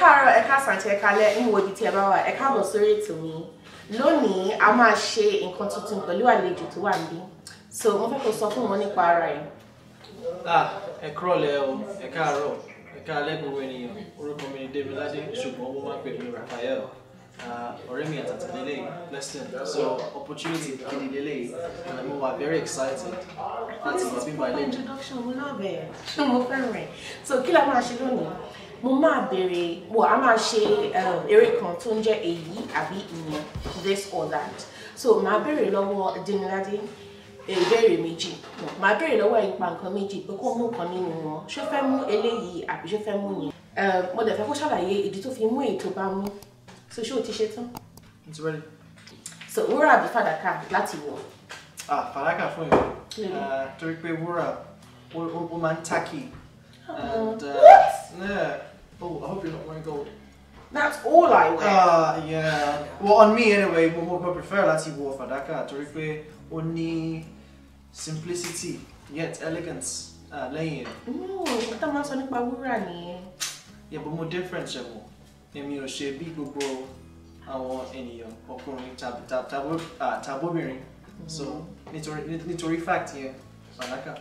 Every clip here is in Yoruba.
káàárọ̀ ẹ káàsán àti ẹ kálẹ́ ń wo ibi tí ẹ bá wà ẹ káàbọ̀ sórí ètò mi lónìí a máa ṣe nǹkan tuntun pẹ̀lú àlejò tó wà níbí so mo fẹ́ kó sọ fún wọn nípa ara ẹ̀. ẹ kúrọ̀lẹ́ o ẹ káàárọ̀ ẹ káàlẹ́ gbogbo ènìyàn orúkọ mi ni David Ládé ṣùgbọ́n mo máa ń pè mí Raphael ọ̀rẹ́ mi àtàtà lélẹ̀ blessing so opportunity gidi lélẹ̀ and mo wà very excited láti wà bí introduction mo love ẹ ṣé mo fẹ́ràn ẹ so kí la máa ṣe lónìí mo máa bèrè mo a máa ṣe um, eré kan tó ń jẹ́ èyí àbí ìyẹn this or that so màá bèrè lọ́wọ́ Démiládé ìbéèrè méjì màá bèrè lọ́wọ́ ìpa nǹkan méjì pé kó mú kan nínú wọn ṣé fẹ́ mú eléyìí àbí ṣé fẹ́ mú yẹn um, mo dẹ̀ fẹ́ kó ṣàlàyé ìdí tó fi mú èyí tó bá mú so ṣé o ti ṣe tán. so wúrà àbí fàdákà láti wọ. ah fàdákà fún ìwọ ah, torí pé wúrà ó máa ń tákì. Ah, and uh, what? yeah more like that. Uh, ah, yeah. Well, on me anyway, I prefer láti wọ for torí pé ó only simplicity yet elegance Ah, lẹ́yìn rẹ̀. No, what am I talking about wúrà nìyẹn? Yeah, but mo different ṣe wọ̀. Èmi ò ṣe tab tab àwọn ah tabo bearing. So mm-hmm. nítorí fact yẹn, fàdákà.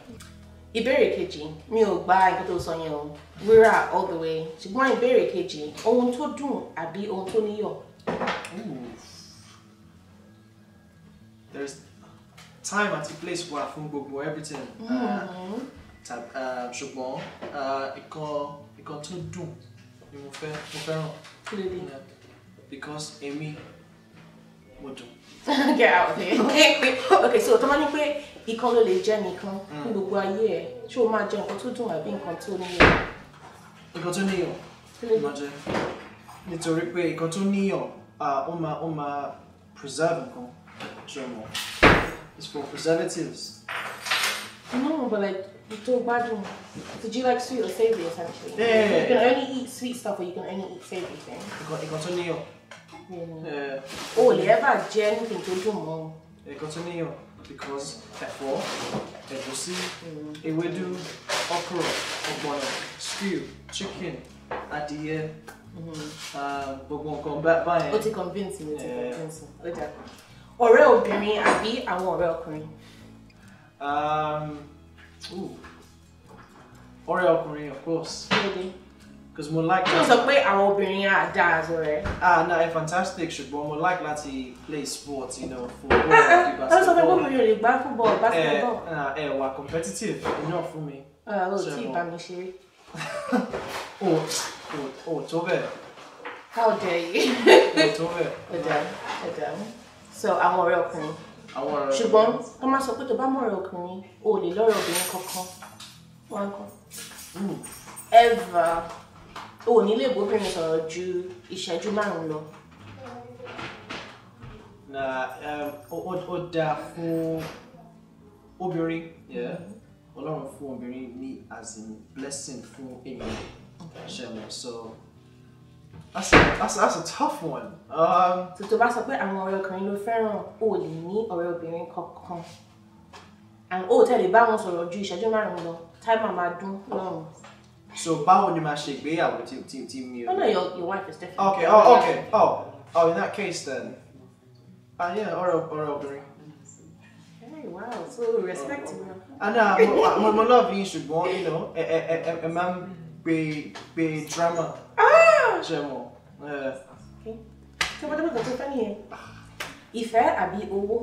ìbéèrè kejì mi ò gba nǹkan tó sọ yẹn o wíra all the way ṣùgbọ́n ìbéèrè kejì ohun tó dùn àbí ohun tó níyọ̀. there's time àti place wà fún gbogbo everything mm-hmm. uh, uh, ṣùgbọ́n ìkan uh, ìkan tó dùn ni mo fẹ́ mo fẹ́ràn because èmi. Get out of here. okay, so tó máa ní pé ìkan ló lè jẹ́ nìkan mm. ní gbogbo ayé ẹ̀ ṣé o máa jẹ nǹkan tó dùn àbí nǹkan tó níyàn. Nǹkan tó níyàn máa tó níyàn ó máa ó máa preserve nǹkan ṣe mọ́ it's for preservatives. No, but like you tó gbádùn did you like sweet or savoury essentially? Yeah. You can only eat sweet stuff or you can only eat savoury things. Eh? Nǹkan tó níyàn. Yeah. O oh, lè ever can anything tó dùn oh, because Ẹ̀kan tó níyàn because ẹ̀fọ́, will do okra, okra, stew, chicken, adìyẹ, mm-hmm. um, gbogbo we will Ó ti convince mi, ó ti convince mi, ó dà. Ọ̀rẹ́ obìnrin àbí àwọn ọ̀rẹ́ ọkùnrin? Um, Oreo ọkùnrin of course. Kí because mo like. tó sọ pé àwọn obìnrin á dá aṣọ rẹ. ah no, it's fantastic ṣùgbọ́n More like láti play sport you know for ah, ah, ah. football àti basketball. ó sọ pé gómìnà lè gbá football eh, basketball. ẹ eh, ẹ wà competitive enough fún mi. o tí ì bá mi ṣeré. o o o tó bẹ́ẹ̀. how dare you. o tó bẹ́ẹ̀. ẹ̀dá ẹ̀dá so àwọn ọ̀rẹ́ ọkùnrin. àwọn ọ̀rẹ́ ọkùnrin. ṣùgbọ́n tó máa sọ pé tó bá mọ̀ ọ̀rẹ́ ọkùnrin o ò lè lọ́rọ̀ obìnrin kankan. wọn kọ. ever o ò ní lè bóbìnrin sọ̀rọ̀ ju ìṣẹ́jú márùn-ún lọ. na um, ó dáa fún obìnrin ọlọ́run fún obìnrin ní as in blessing fún èèyàn ṣẹ̀wọ̀n so. That's a, that's, that's a tough one. Tó um, tó bá sọ pé àwọn ọ̀rẹ́ ọkùnrin ló fẹ́ràn, o lè ní ọ̀rẹ́ obìnrin kankan. And o tẹ̀lé bá wọn sọ̀rọ̀ ju ìṣẹ́jú márùn-ún lọ, táìmù máa lọ́rùn. So báwo ni màá be? ìgbéyàwó tí team team team you. Oh no, your your wife is different. Okay, oh okay, oh oh in that case then. Ah uh, yeah, or or obìnrin. Hey, wow, so respectable. Ana mo mo my love should go. you know ẹ ẹ ẹ ẹ máa ń pe pe drama. Ah! Ṣé mo? Ṣé wọ́n dábàá kan tó fẹ́ nìyẹn? Ìfẹ́ àbí owó?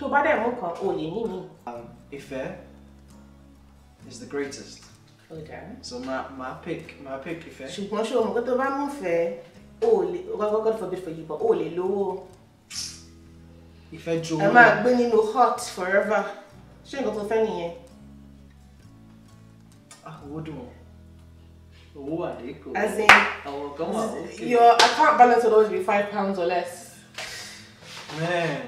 Tó bá dẹ̀ mú kan, o lè ní mi. Um, ìfẹ́ is the greatest. so my my pick my pick ìfẹ́. ṣùgbọ́n ṣé o mọ̀ pé to bá mú fẹ́ o lè God forbid for you but oh o lè lówó. ìfẹ́ ju owó lọ. ẹ máa forever. nínú hot forever to nǹkan tó What do you dùn ọ́ owó wà lẹ́kọ̀ọ́. as in àwọn kan wà òkè. your account balance will always be five pounds or less. man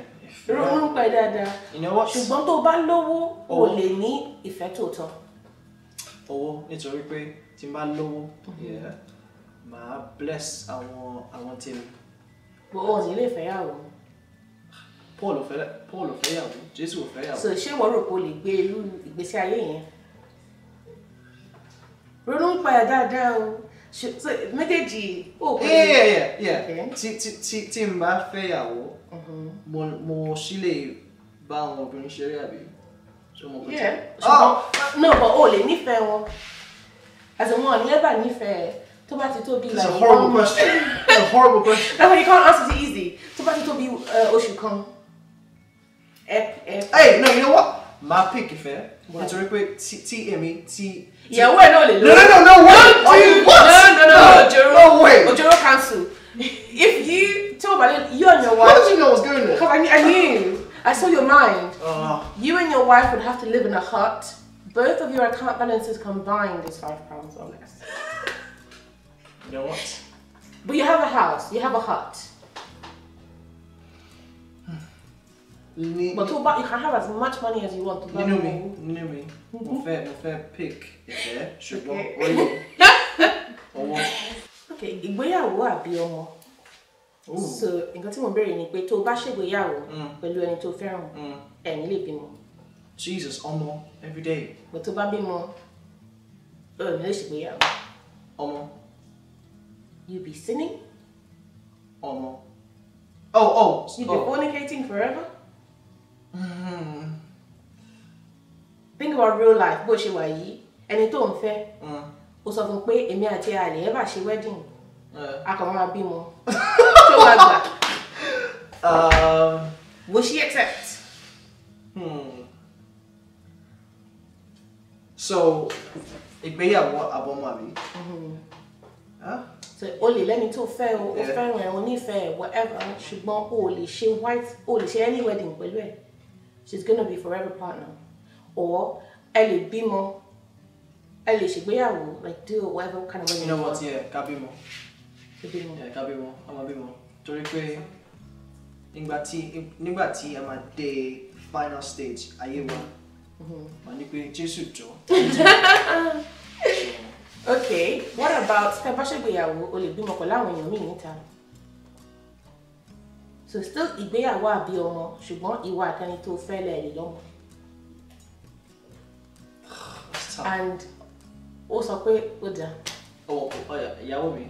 you know what? dáadáa ṣùgbọ́n to o bá Oh, o lè ní ìfẹ́ owó nítorí pé tí n bá lówó mhm. màá bless àwọn àwọn tèmi. bó o ní lè fẹ́yàwó. Paul ò fẹ́ Paul ò fẹ́yàwó Jésù ò fẹ́yàwó. so ṣé wọ́n rò pé o lè gbé irú ìgbésí ayé yẹn ronú ń padà dáadáa o méjèèjì ò pé. tí tí tí tí n bá fẹ́yàwó mm-hmm. mo mo ṣí lè bá àwọn obìnrin ṣeré àbí. Oh. ṣùgbọ́n náà bọ̀ o lè nífẹ̀ẹ́ wọn As wọn ò never ẹ̀bà nífẹ̀ẹ́ tó bá ti tó bí like one horrible question a horrible question that way you can't answer it easy tó bá ti tó bí uh, oṣù kan ep ep. hey no you know what máa pick ìfẹ́ nítorí pé tí èmi tí. ìyàwó ẹ̀ náà lè lọ. no no no wait no what no no no ojoro no way ojoro cancel if you tí o bá lè yí ọ̀nà wa. how did you know I was going there. because I mean. I saw your mind. Oh. You and your wife would have to live in a hut. Both of your account balances combined is five pounds or less. You know what? But you have a house. You have a hut. Hmm. but talk about you can have as much money as you want. You know me. You know me. Mon frère, mon fair. pick is there. Sugar, oil. Or what? Okay, ìgbéyàwó àbí ọmọ. so nǹkan tí mo béèrè ni pé tó o bá ṣègbéyàwó mm. pẹ̀lú ẹni tó fẹ́ràn mm. ẹ̀yin lè Jesus ọmọ every day. mo tó bá bímọ ọ̀rọ̀ mi lè ṣègbéyàwó. ọmọ. you be sinning. ọmọ. oh oh. you be oh. fornicating forever. Mm. think about real life bó ṣe wà yìí ẹni tó ń fẹ́. o mm. sọ fún pé èmi àti àlè ẹ bá ṣe wedding. I uh. can bímọ tó wà Um, will she accept? Hmm. so ìgbéyàwó àbọ̀mọ̀ àbí. Mm-hmm. so o lè lẹ́ni tó fẹ́ o o fẹ́ràn ẹ̀ only fair, whatever She want lè she white o she any wedding pẹ̀lú ẹ̀ she's gonna be forever partner or ẹ lè bímọ ẹ lè ṣègbéyàwó like do whatever kind of wedding. you know what yeah ká bímọ. ṣé bímọ. ẹ ká bímọ a máa bímọ torí pé nígbà tí nígbà tí a máa dé final stage ayé wa màá mm-hmm. ní pé Jésù jọ. ok what about tẹ bá ṣègbéyàwó o lè bímọ pẹ̀lú àwọn èèyàn míì níta so still ìgbéyàwó àbí ọmọ ṣùgbọ́n ìwà àtẹni tó fẹ́ lẹ̀ lè lọ́mọ. and ó sọ pé ó dáa. ọwọ́ ìyàwó mi.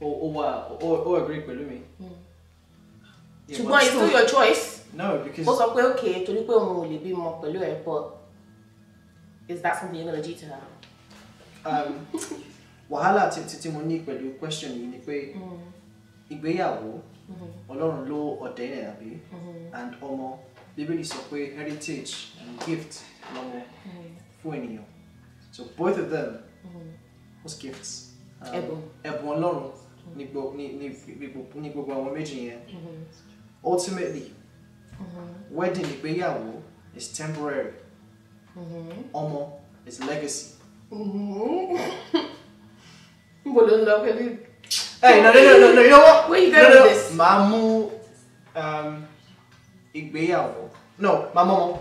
or or or, or agree pẹ̀lú mi. Hmm. ṣùgbọ́n it's still your choice. no because. okay to pé òun ò lè bímọ pẹ̀lú ẹ̀ but is that something you're gonna do to her. Um, wàhálà tí tí mo ní pẹ̀lú question yìí ni pé hmm. ìgbéyàwó hmm. ọlọ́run ló ọ̀dẹ́ ẹ̀ àbí and ọmọ bíbélì sọ pé heritage and gift lọ́mọ fún ènìyàn so both of them mm -hmm. was gifts um, ẹ̀bùn ọlọ́run nigbo, nigbo, ní gbogbo ultimately mm -hmm. wedding ìgbéyàwó is temporary ọmọ mm -hmm. is legacy. n mhm. bolo Hey, no, no, no, no, you know what? Where you going no, no, with this? Màá um, ìgbéyàwó. No, my mom.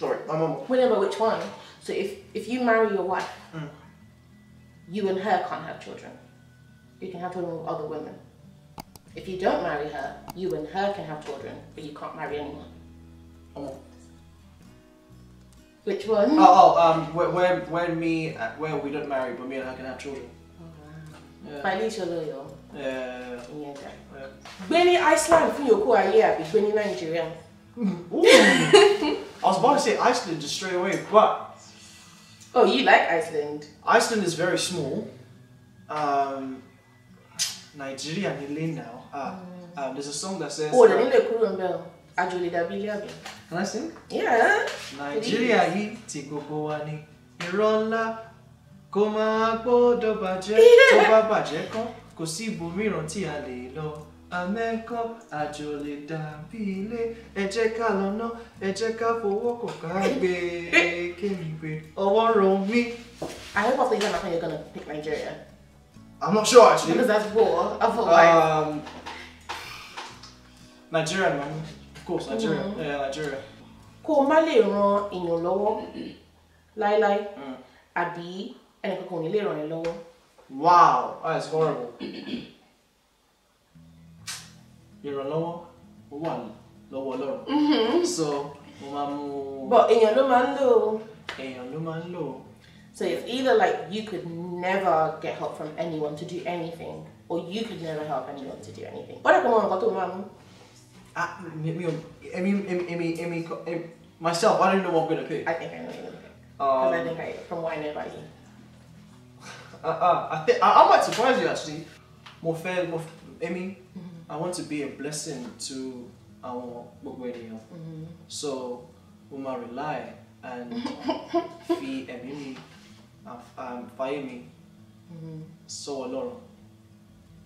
Sorry, my mom. Whatever, which one? So if if you marry your wife, mm. you and her can't have children you can have children with other women. If you don't marry her, you and her can have children, but you can't marry anyone. Oh. Which one? Oh, oh um, where, where, me, uh, where we don't marry, but me and her can have children. Okay. Oh, yeah. But at least you're loyal. Yeah. Yeah. yeah. Iceland fún yòókù ayé àbí gbé ní I was about to say Iceland just straight away, but. Oh, you like Iceland? Iceland is very small. Um, Nigeria ni Lane now. Ah, mm. um, there's a song that says. Oh, the name they couldn't bell. Actually, that Billy Abby. Can I sing? Yeah. Nigeria yìí ti gbogbo wa ni irọ́ ńlá kó máa gbọ́dọ̀ bàjẹ́ tó bá bàjẹ́ kán kò sí ibòmíràn tí a lè lọ amẹ́kọ́ àjò lè dàbí ilé ẹ jẹ́ ká lọ́nà ẹ jẹ́ ká fowó kò ká gbé kémi gbé I hope after you get my phone, you're gonna pick Nigeria. I'm not sure actually. Because that's raw. I thought like. Um, Nigeria, man. Of course, Nigeria. Mm. Yeah, Nigeria. Kó o má lè ran èèyàn lọ́wọ́ láíláí mm. àbí ẹnìkan kò ní lè ràn ẹ́ lọ́wọ́. Wow, that is horrible. Ìrànlọ́wọ́ ó wà lọ́wọ́ Ọlọ́run. Mm-hmm. So, mo máa mú. But èèyàn ló máa ń lò. ló máa lò. So it's either like you could never get help from anyone to do anything, or you could never help anyone to do anything. Wala kang mga katumangan. Ah, me, me, me, me, me, me, myself, I don't know what I'm gonna pick. I think I know what I'm gonna pick. um, I think I, from what I know about you. Uh, uh, I think I, I might surprise you actually. More fair, more, I mm-hmm. I want to be a blessing to our gbogbo ènìyàn. Mm-hmm. So, mo máa rely and fi ẹ̀mí um, Fahimi, mm-hmm. so Oloro.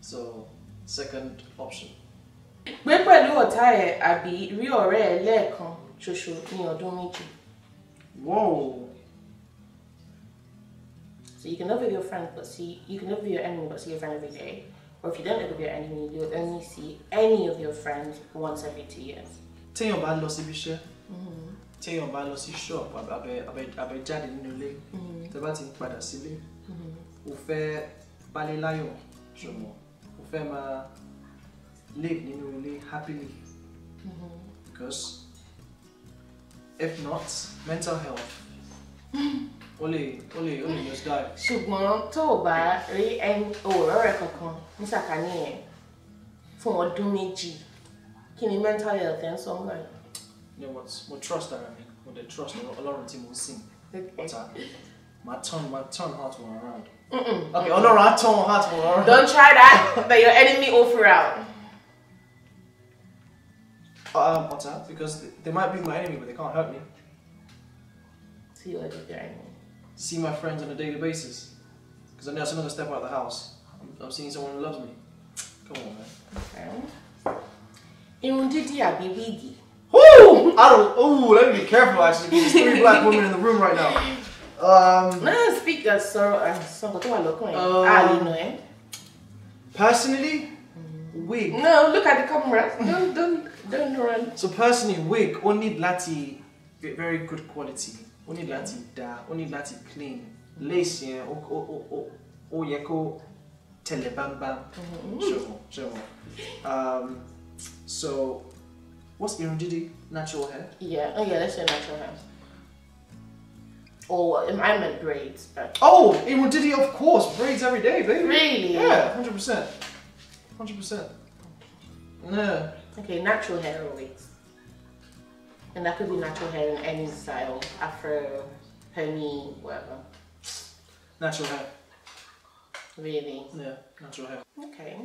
So, second option. a Gbé pẹ̀lú ọ̀tá rare. Let come to show you ṣoṣo ní meet you. Whoa! So you can live with your friend, but see, you can live with your enemy, but see your friend every day. Or if you don't live with your enemy, you'll only see any of your friends once every two years. teeyan your bad lọ síbi iṣẹ́. Mm-hmm. téèyàn bá lọ sí ṣọ́ọ̀pù abẹ́jáde nínú ilé mm-hmm. tó bá ti ń padà sílé mm-hmm. o fẹ́ balẹ̀ láyọ̀ ṣùgbọ́n o fẹ́ máa live nínú ilé happily mm-hmm. because if not mental health o lè o lè o lè just die. ṣùgbọ́n tó o bá rí òòrọ̀ rẹ̀ kankan ní sàkání yẹn fún ọdún méjì kí ni mental health ẹ̀ ń sọ mọ́ ẹ̀. Yeah, what what trust ara mi mo dey trust Ọlọ́run tí mo ń sìn ọ̀tá ma turn ma turn heart wọn around. Mm -mm. Okay, Ọlọ́run tongue, turn heart wọn around. Don't try that but your enemy all throughout. Um, uh, ọ̀tá uh, because they, might be my enemy but they can't hurt me. See you later, enemy. See my friends on a daily basis because I know someone another step out of the house. I'm, I'm seeing someone who loves me. Come on, man. Okay. Irun dídì Woo! I don't. Ooh, let me be careful. Actually, there's three black women in the room right now. Um. No, speak that uh, sorrow and uh, song. What do I look like? I oh. don't ah, know. Eh? Personally, wig. No, look at the camera. don't don't don't run. So personally, wig only lati very good quality. Only lati da. Only lati clean. Lace yeah. Oh oh oh oh. Oh yeah. telebamba. Mm-hmm. Sure Um. So What's Irundidi? Natural hair? Yeah. Oh yeah, that's your natural hair. Or I meant braids. But... Oh, Irundidi, of course. Braids every day, baby. Really? Yeah, 100%. 100%. Yeah. Okay, natural hair always. And that could be natural hair in any style. Afro, pony, whatever. Natural hair. Really? Yeah, natural hair. Okay.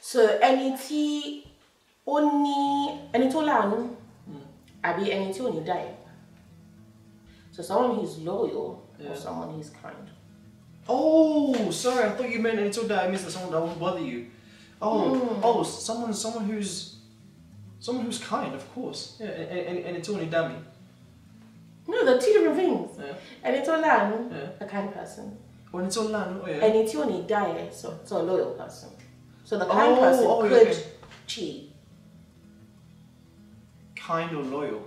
So any tea only, ní ẹni tó láàánú àbí ẹni tí ò ní so someone who is loyal yeah. or someone who is kind. oh sorry i thought you meant ẹni tó die. means that someone that won't bother you oh mm. oh someone someone who's someone who's kind of course yeah and it's only dummy. no they're two different things ẹni tó láàánú a kind person. When it's all land, oh yeah. And it's only die, so it's a loyal person. So the kind oh, person oh, could okay. cheat kind or loyal?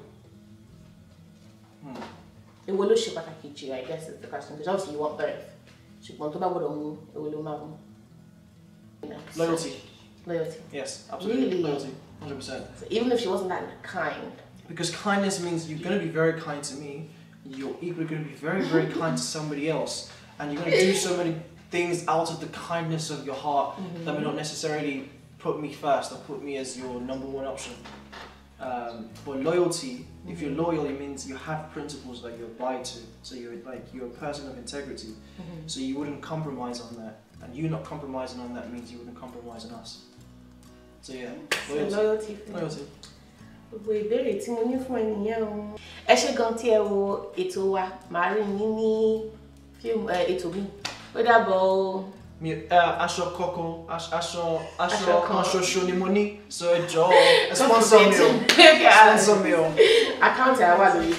Èwo hmm. I guess is the question because obviously you want both. tó Loyalty. Loyalty. Yes, absolutely. Really? Loyalty, 100%. So even if she wasn't that kind. Because kindness means you're going to be very kind to me, you're equally going to be very, very kind to somebody else, and you're going to do so many things out of the kindness of your heart mm -hmm. that may mm-hmm. not necessarily put me first or put me as your number one option. Um, but loyalty, if you're mm-hmm. loyal, it means you have principles that you abide to. So you're like you're a person of integrity. Mm-hmm. So you wouldn't compromise on that, and you not compromising on that means you wouldn't compromise on us. So yeah, loyalty. So loyalty. loyalty. gbogbo ìbéèrè tí mo ní fún ẹ o. ẹ ṣe gan tí ẹ wo ètò wa màá rí yín ní ètò mi ó dàbọ̀ o. mi eh, aṣọ kankan asho asho, asho ṣoṣo ni so ẹ jọ ẹ sponsor mi o sponsor mi o. àkáǹtì àwa lórí.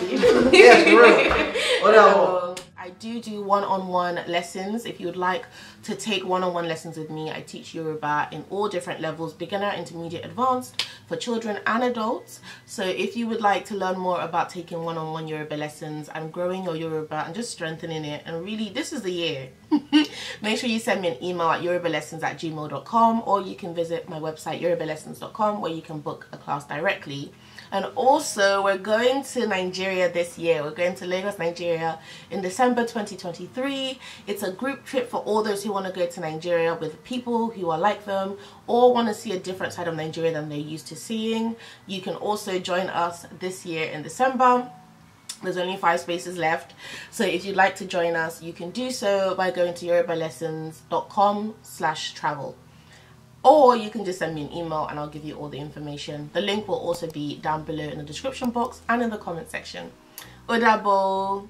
yes for real ó dà do do one-on-one -on -one lessons. If you would like to take one-on-one -on -one lessons with me, I teach Yoruba in all different levels, beginner, intermediate, advanced, for children and adults. So if you would like to learn more about taking one-on-one -on -one Yoruba lessons and growing your Yoruba and just strengthening it, and really this is the year, make sure you send me an email at yorubalessons at gmail.com or you can visit my website yorubalessons.com where you can book a class directly and also we're going to Nigeria this year. We're going to Lagos, Nigeria in December 2023. It's a group trip for all those who want to go to Nigeria with people who are like them or want to see a different side of Nigeria than they're used to seeing. You can also join us this year in December there's only five spaces left so if you'd like to join us you can do so by going to yorubalessons.com slash travel or you can just send me an email and I'll give you all the information. The link will also be down below in the description box and in the comment section. Odabo!